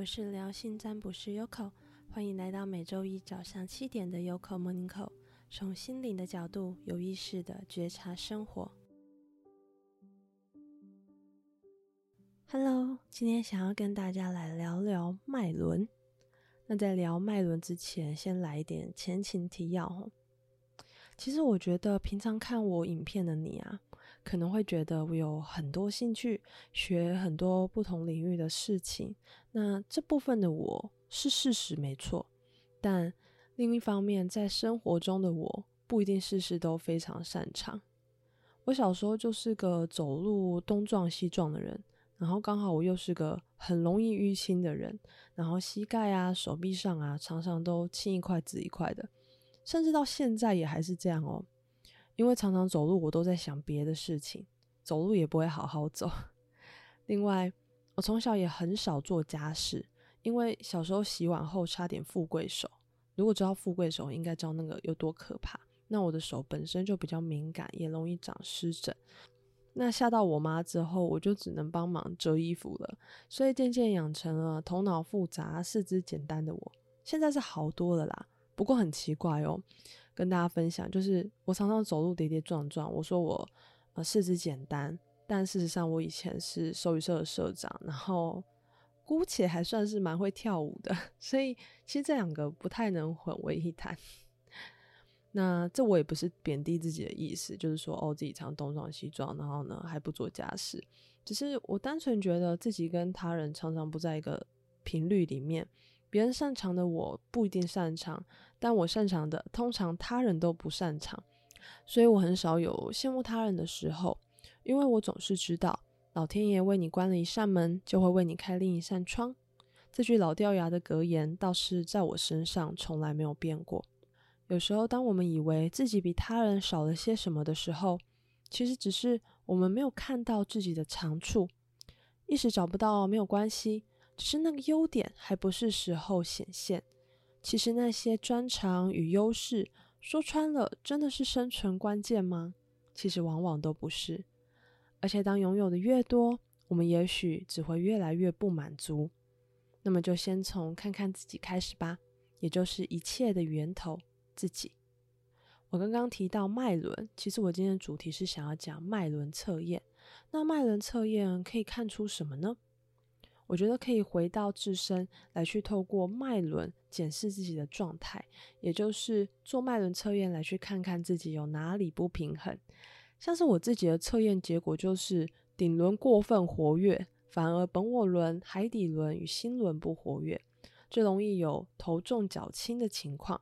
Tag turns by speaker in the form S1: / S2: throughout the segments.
S1: 我是療心占卜師 Yoko，歡迎來到每週一早上七點的 Yoko Morning Call，從心靈的角度有意識的覺察生活。Hello，今天想要跟大家來聊聊脈輪。那在聊脈輪之前，先來一點前情提要。其實我覺得平常看我影片的你啊，可能會覺得我有很多興趣，學很多不同領域的事情。那這部分的我是事實沒錯，但另一方面，在生活中的我不一定事事都非常擅長。我小時候就是個走路東撞西撞的人，然後剛好我又是個很容易淤青的人，然後膝蓋啊、手臂上啊，常常都青一塊紫一塊的，甚至到現在也還是這樣哦。因為常常走路，我都在想別的事情，走路也不會好好走。另外，我從小也很少做家事，因為小時候洗碗後差點富貴手。如果知道富貴手，應該知道那個有多可怕。那我的手本身就比較敏感，也容易長濕疹。那嚇到我媽之後，我就只能幫忙折衣服了。所以漸漸養成了頭腦複雜、四肢簡單的我。現在是好多了啦，不過很奇怪哦。跟大家分享，就是我常常走路跌跌撞撞。我說我，呃，四肢簡單，但事實上我以前是手語社的社長，然後姑且還算是蠻會跳舞的。所以其實這兩個不太能混為一談。 那這我也不是貶低自己的意思，就是說哦，自己常東撞西撞，然後呢還不做家事，只是我單純覺得自己跟他人常常不在一個頻率裡面。別人擅長的我不一定擅長，但我擅長的通常他人都不擅長，所以我很少有羨慕他人的時候，因為我總是知道，老天爺為你關了一扇門，就會為你開另一扇窗。這句老掉牙的格言，倒是在我身上從來沒有變過。有時候，當我們以為自己比他人少了些什麼的時候，其實只是我們沒有看到自己的長處，一時找不到沒有關係。只是那個優點還不是時候顯現。其實那些專長與優勢，說穿了，真的是生存關鍵嗎？其實往往都不是。而且當擁有的越多，我們也許只會越來越不滿足。那麼就先從看看自己開始吧，也就是一切的源頭——自己。我剛剛提到脈輪，其實我今天的主題是想要講脈輪測驗。那脈輪測驗可以看出什麼呢？我覺得可以回到自身來去，透過脈輪檢視自己的狀態，也就是做脈輪測驗來去看看自己有哪裡不平衡。像是我自己的測驗結果，就是頂輪過分活躍，反而本我輪、海底輪與心輪不活躍，最容易有頭重腳輕的情況。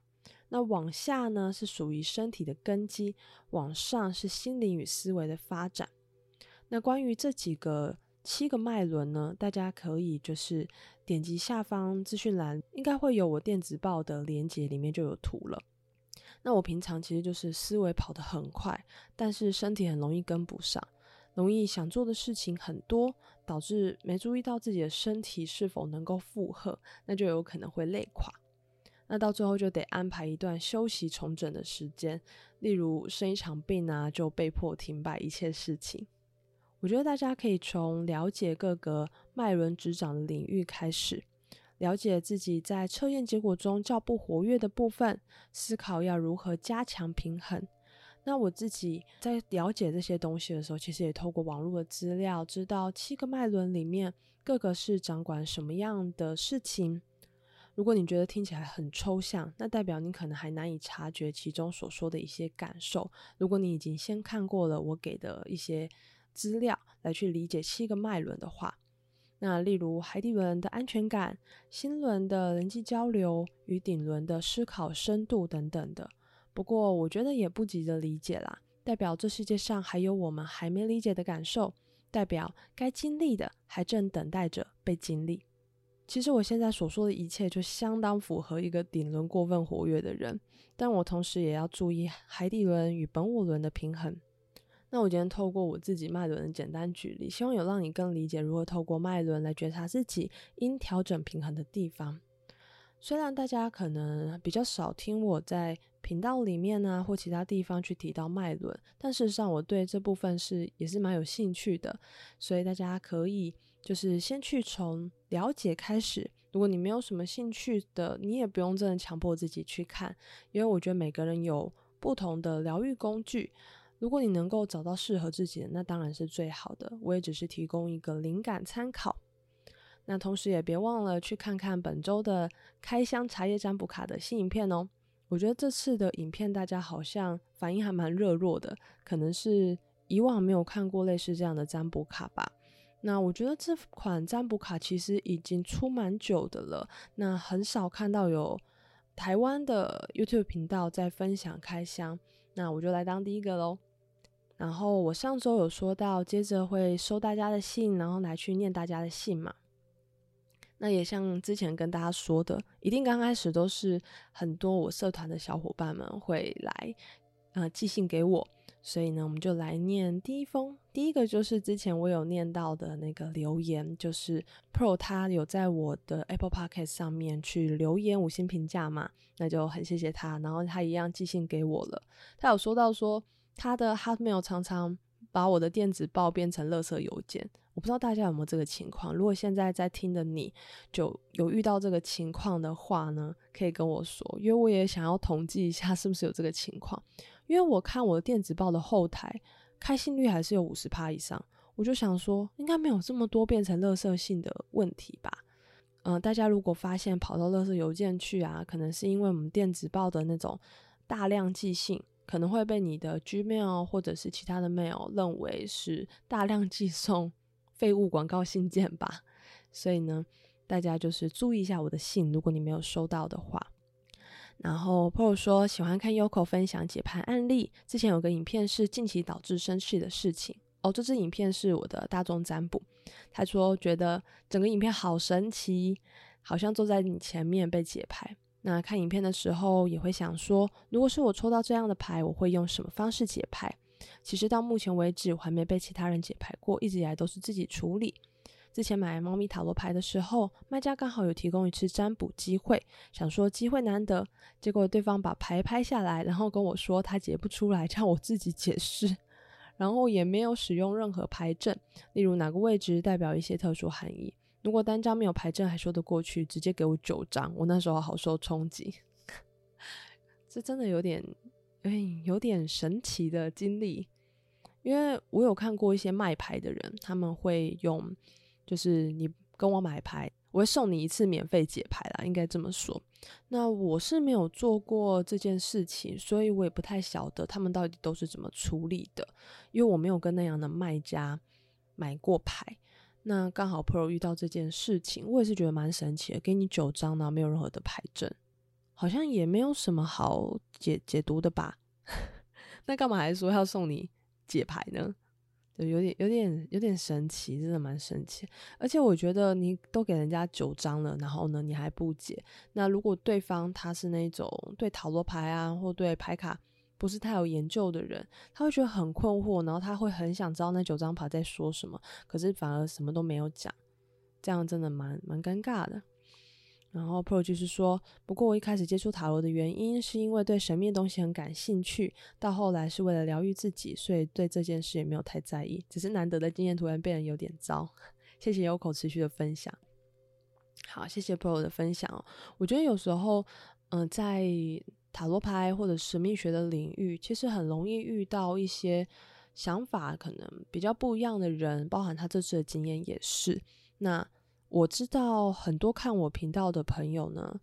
S1: 那往下呢，是屬於身體的根基；往上是心靈與思維的發展。那關於這幾個七個脈輪呢，大家可以就是點擊下方資訊欄，應該會有我電子報的連結，裡面就有圖了。那我平常其實就是思維跑得很快，但是身體很容易跟不上，容易想做的事情很多，導致沒注意到自己的身體是否能夠負荷，那就有可能會累垮。那到最後就得安排一段休息重整的時間，例如生一場病啊，就被迫停擺一切事情。我覺得大家可以從了解各個脈輪執掌的領域開始，了解自己在測驗結果中較不活躍的部分，思考要如何加強平衡。那我自己在了解這些東西的時候，其實也透過網絡的資料，知道七個脈輪裡面各個是掌管什麼樣的事情。如果你覺得聽起來很抽象，那代表你可能還難以察覺其中所說的一些感受。如果你已經先看過了我給的一些資料來去理解七個脈輪的話，那例如海底輪的安全感、心輪的人際交流與頂輪的思考深度等等的。不過我覺得也不急着理解啦，代表這世界上還有我們還沒理解的感受，代表該經歷的還正等待着被經歷。其實我現在所說的一切就相當符合一個頂輪過分活躍的人，但我同時也要注意海底輪與本我輪的平衡。那我今天透過我自己脈輪的簡單舉例，希望有讓你更理解如何透過脈輪來覺察自己應調整平衡的地方。雖然大家可能比較少聽我在頻道裡面啊或其他地方去提到脈輪，但事實上我對這部分是也是蠻有興趣的。所以大家可以就是先去從了解開始。如果你沒有什麼興趣的，你也不用真的強迫自己去看，因為我覺得每個人有不同的療癒工具。如果你能夠找到適合自己的，那當然是最好的。我也只是提供一個靈感參考。那同時也別忘了去看看本周的開箱茶葉占卜卡的新影片哦。我覺得這次的影片大家好像反應還蠻熱絡的，可能是以往沒有看過類似這樣的占卜卡吧。那我覺得這款占卜卡其實已經出蠻久的了，那很少看到有台灣的 YouTube 頻道在分享開箱，那我就來當第一個嘍。然後我上周有說到，接着會收大家的信，然後來去念大家的信嘛。那也像之前跟大家說的，一定剛開始都是很多我社團的小夥伴們會來，呃，寄信給我。所以呢，我們就來念第一封，第一個就是之前我有念到的那個留言，就是 Pro 他有在我的 Apple Podcast 上面去留言五星評價嘛，那就很謝謝他。然後他一樣寄信給我了，他有說到說。他的 Hotmail 常常把我的電子報變成垃圾郵件，我不知道大家有沒有這個情況。如果現在在聽的你就有遇到這個情況的話呢，可以跟我說，因為我也想要統計一下是不是有這個情況。因為我看我的電子報的後台開信率還是有五十趴以上，我就想說應該沒有這麼多變成垃圾信的問題吧。嗯、呃，大家如果發現跑到垃圾郵件去啊，可能是因為我們電子報的那種大量寄信。可能會被你的 Gmail 或者是其他的 Mail 認為是大量寄送廢物廣告信件吧，所以呢，大家就是注意一下我的信，如果你沒有收到的話。然後，朋友說喜歡看 Yoko 分享解牌案例，之前有個影片，是近期導致生氣的事情哦，這支影片，是我的大眾占卜，他說覺得整個影片好神奇，好像坐在你前面被解牌。那看影片的時候也會想說，如果是我抽到這樣的牌，我會用什麼方式解牌？其實到目前為止，我還沒被其他人解牌過，一直以來都是自己處理。之前買貓咪塔羅牌的時候，賣家剛好有提供一次占卜機會，想說機會難得，結果對方把牌拍下來，然後跟我說他解不出來，讓我自己解釋，然後也沒有使用任何牌陣，例如哪個位置代表一些特殊含義。如果單張沒有牌陣還說得過去，直接給我九張，我那時候好受衝擊。 這真的有點，哎，有點神奇的經歷。因為我有看過一些賣牌的人，他們會用，就是你跟我買牌，我會送你一次免費解牌啦，應該這麼說。那我是沒有做過這件事情，所以我也不太曉得他們到底都是怎麼處理的，因為我沒有跟那樣的賣家買過牌。那剛好朋友遇到這件事情，我也是覺得蠻神奇的。給你九張呢，沒有任何的牌陣，好像也沒有什麼好解解讀的吧？ 那幹嘛還說要送你解牌呢？對，有點有點有點神奇，真的蠻神奇。而且我覺得你都給人家九張了，然後呢，你還不解。那如果對方他是那種對塔羅牌啊，或對牌卡，不是太有研究的人，他會覺得很困惑，然後他會很想知道那九張牌在說什麼，可是反而什麼都沒有講，這樣真的蠻蠻尷尬的。然後 Pro 就是說，不過我一開始接觸塔羅的原因是因為對神秘的東西很感興趣，到後來是為了療癒自己，所以對這件事也沒有太在意，只是難得的經驗突然變得有點糟。謝謝 Yoko 持續的分享，好，謝謝 Pro 的分享。哦，我覺得有時候，嗯、呃，在。塔羅牌或者神秘學的領域，其實很容易遇到一些想法可能比較不一樣的人，包含他這次的經驗也是。那我知道很多看我頻道的朋友呢，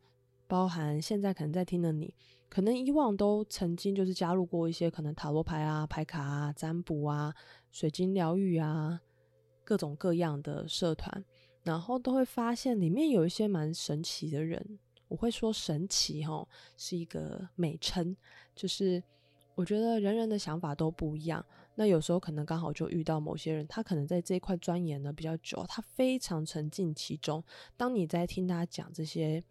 S1: 包含現在可能在聽的你，可能以往都曾經就是加入過一些可能塔羅牌啊、牌卡啊、占卜啊、水晶療癒啊，各種各樣的社團，然後都會發現裡面有一些蠻神奇的人。我會說神奇，哦，是一個美稱。就是我覺得人人的想法都不一樣，那有時候可能剛好就遇到某些人，他可能在這一塊鑽研的比較久，他非常沉浸其中。當你在聽他講這些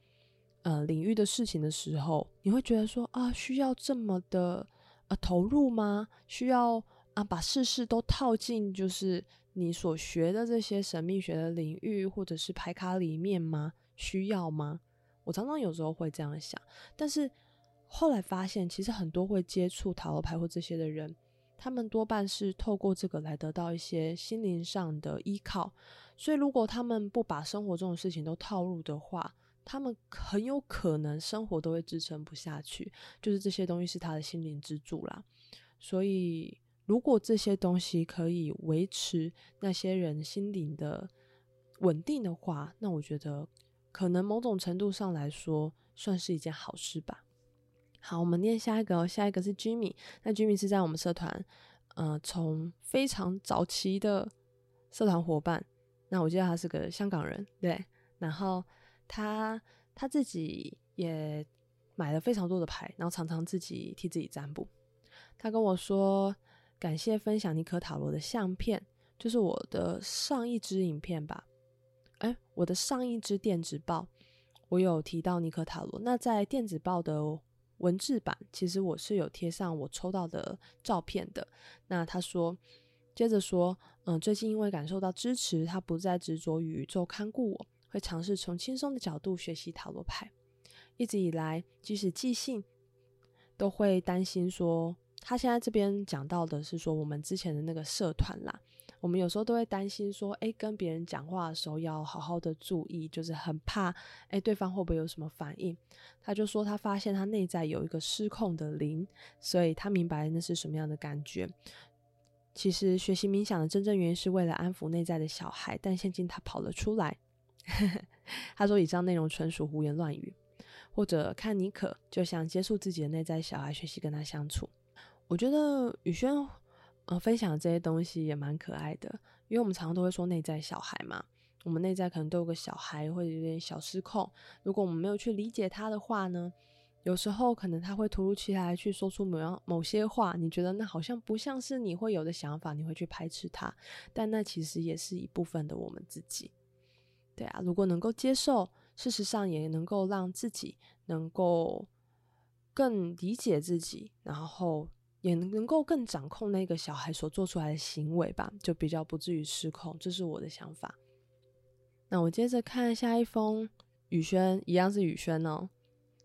S1: 呃領域的事情的時候，你會覺得說啊，需要這麼的，啊，投入嗎？需要啊，把事事都套進就是你所學的這些神秘學的領域或者是牌卡裡面嗎？需要嗎？我常常有時候會這樣想，但是後來發現，其實很多會接觸塔羅牌或這些的人，他們多半是透過這個來得到一些心靈上的依靠。所以，如果他們不把生活中的事情都套入的話，他們很有可能生活都會支撐不下去。就是這些東西是他的心靈支柱啦。所以，如果這些東西可以維持那些人心靈的穩定的話，那我覺得。可能某種程度上來說，算是一件好事吧。好，我們念下一個，哦，下一個是 Jimmy。那 Jimmy 是在我們社團，呃，從非常早期的社團夥伴。那我記得他是個香港人，對。然後他他自己也買了非常多的牌，然後常常自己替自己占卜。他跟我說，感謝分享尼可塔羅的相片，就是我的上一支影片吧。哎，我的上一支電子報，我有提到尼克塔羅。那在電子報的文字版，其實我是有貼上我抽到的照片的。那他說，接着說，嗯，最近因為感受到支持，他不再執着於宇宙看顧我，會嘗試從輕鬆的角度學習塔羅牌。一直以來，即使寄信，都會擔心說，他現在這邊講到的是說我們之前的那個社團啦。我們有時候都會擔心說，哎，跟別人講話的時候要好好的注意，就是很怕，哎，對方會不會有什麼反應？他就說他發現他內在有一個失控的靈，所以他明白那是什麼樣的感覺。其實學習冥想的真正原因是為了安撫內在的小孩，但現今他跑了出來。 他說以上內容純屬胡言亂語，或者看妮可就想接觸自己的內在小孩，學習跟他相處。我覺得宇軒。呃，分享這些東西也蠻可愛的，因為我們常常都會說內在小孩嘛，我們內在可能都有個小孩，或者有點小失控。如果我們沒有去理解他的話呢，有時候可能他會突如其來去說出某樣某些話，你覺得那好像不像是你會有的想法，你會去排斥他，但那其實也是一部分的我們自己。對啊，如果能夠接受，事實上也能夠讓自己能夠更理解自己，然後。也能夠更掌控那個小孩所做出來的行為吧，就比較不至於失控，這是我的想法。那我接着看下一封，雨軒一樣是雨軒哦。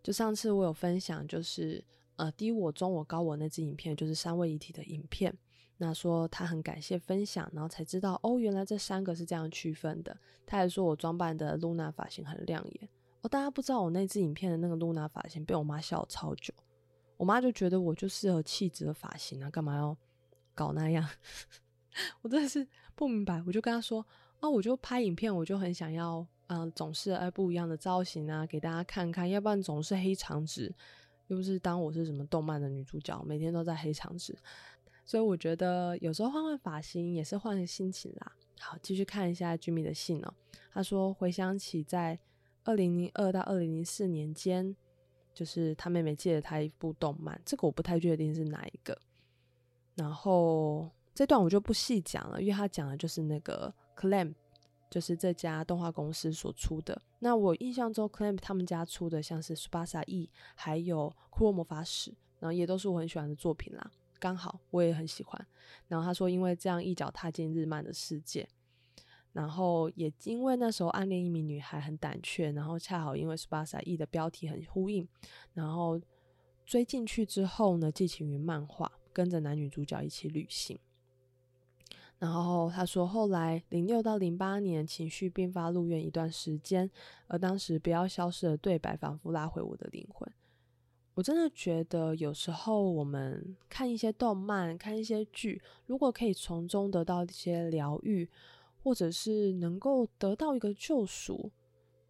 S1: 就上次我有分享，就是呃低我、中我、高我那支影片，就是三位一體的影片。那說他很感謝分享，然後才知道哦，原來這三個是這樣區分的。他還說我裝扮的露娜髮型很亮眼。哦，大家不知道我那支影片的那個露娜髮型被我媽笑了超久。我媽就覺得我就適合氣質的髮型啊，幹嘛要搞那樣？ 我真的是不明白。我就跟她說啊，我就拍影片，我就很想要，嗯、呃，總是愛不一樣的造型啊，給大家看看。要不然總是黑長直，又不是當我是什麼動漫的女主角，每天都在黑長直。所以我覺得有時候換換髮型也是換個心情啦。好，繼續看一下 Jimmy 的信哦。她說回想起在二零零二到二零零四年間。就是他妹妹借了他一部動漫，這個我不太確定是哪一個。然後這段我就不細講了，因為他講的就是那個 Clamp，就是這家動畫公司所出的。那我印象中 Clamp 他們家出的像是《Tsubasa 翼》，還有《庫洛魔法使》，然後也都是我很喜歡的作品啦。剛好我也很喜歡。然後他說，因為這樣一腳踏進日漫的世界。然後也因為那時候暗戀一名女孩很膽怯，然後恰好因為《斯巴達 E》的標題很呼應，然後追進去之後呢，寄情於漫畫跟着男女主角一起旅行。然後他說，後來零六到零八年情緒併發入院一段時間，而當時不要消失的對白仿佛拉回我的靈魂。我真的覺得有時候我們看一些動漫、看一些劇，如果可以從中得到一些療癒。或者是能夠得到一個救贖，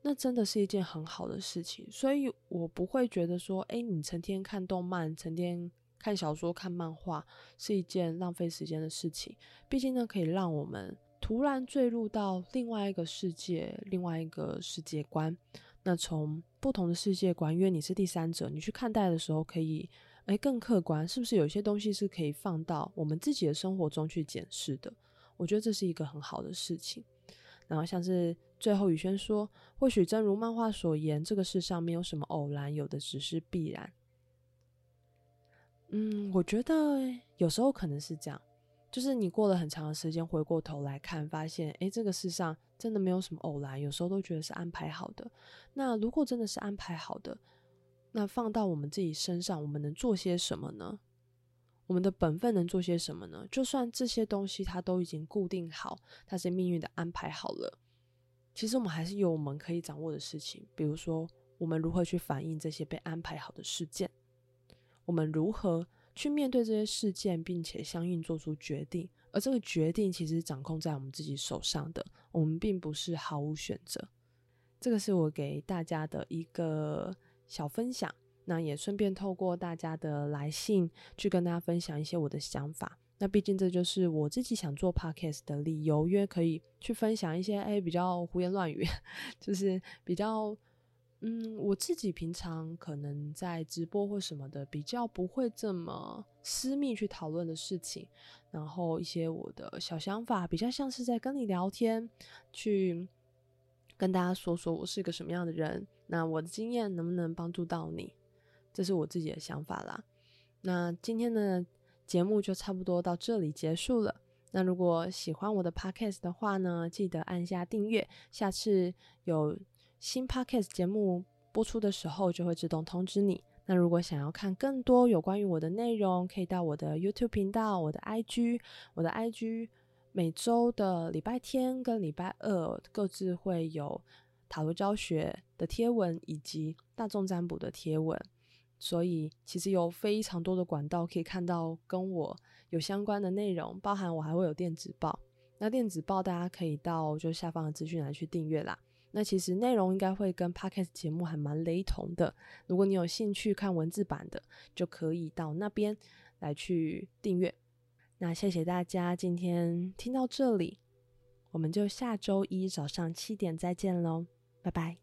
S1: 那真的是一件很好的事情。所以，我不會覺得說，哎，你成天看動漫、成天看小說、看漫畫是一件浪費時間的事情。畢竟呢，可以讓我們突然墜入到另外一個世界、另外一個世界觀。那從不同的世界觀，因為你是第三者，你去看待的時候，可以，哎，更客觀。是不是有些東西是可以放到我們自己的生活中去檢視的？我覺得這是一個很好的事情，然後像是最後宇軒說，或許正如漫畫所言，這個世上沒有什麼偶然，有的只是必然。嗯，我覺得有時候可能是這樣，就是你過了很長的時間，回過頭來看，發現，哎，這個世上真的沒有什麼偶然，有時候都覺得是安排好的。那如果真的是安排好的，那放到我們自己身上，我們能做些什麼呢？我們的本分能做些什麼呢？就算這些東西它都已經固定好，它是命運的安排好了，其實我們還是有我們可以掌握的事情。比如說，我們如何去反應這些被安排好的事件，我們如何去面對這些事件，並且相應做出決定，而這個決定其實掌控在我們自己手上的，我們並不是毫無選擇。這個是我給大家的一個小分享。那也順便透過大家的來信去跟大家分享一些我的想法。那畢竟這就是我自己想做 Podcast 的理由，因為可以去分享一些哎比較胡言亂語，就是比較嗯我自己平常可能在直播或什麼的比較不會這麼私密去討論的事情，然後一些我的小想法，比較像是在跟你聊天，去跟大家說說我是一個什麼樣的人，那我的經驗能不能幫助到你？這是我自己的想法啦。那今天的節目就差不多到這裡結束了。那如果喜歡我的 Podcast 的話呢，記得按下訂閱。下次有新 Podcast 節目播出的時候，就會自動通知你。那如果想要看更多有關於我的內容，可以到我的 YouTube 頻道、我的 IG、我的 IG，每周的禮拜天跟禮拜二各自會有塔羅教學的貼文以及大眾占卜的貼文。所以其實有非常多的管道可以看到跟我有相關的內容，包含我還會有電子報。那電子報大家可以到就下方的資訊來去訂閱啦。那其實內容應該會跟 Podcast 節目還蠻雷同的。如果你有興趣看文字版的，就可以到那邊來去訂閱。那謝謝大家今天聽到這裡，我們就下週一早上七點再見嘍，拜拜。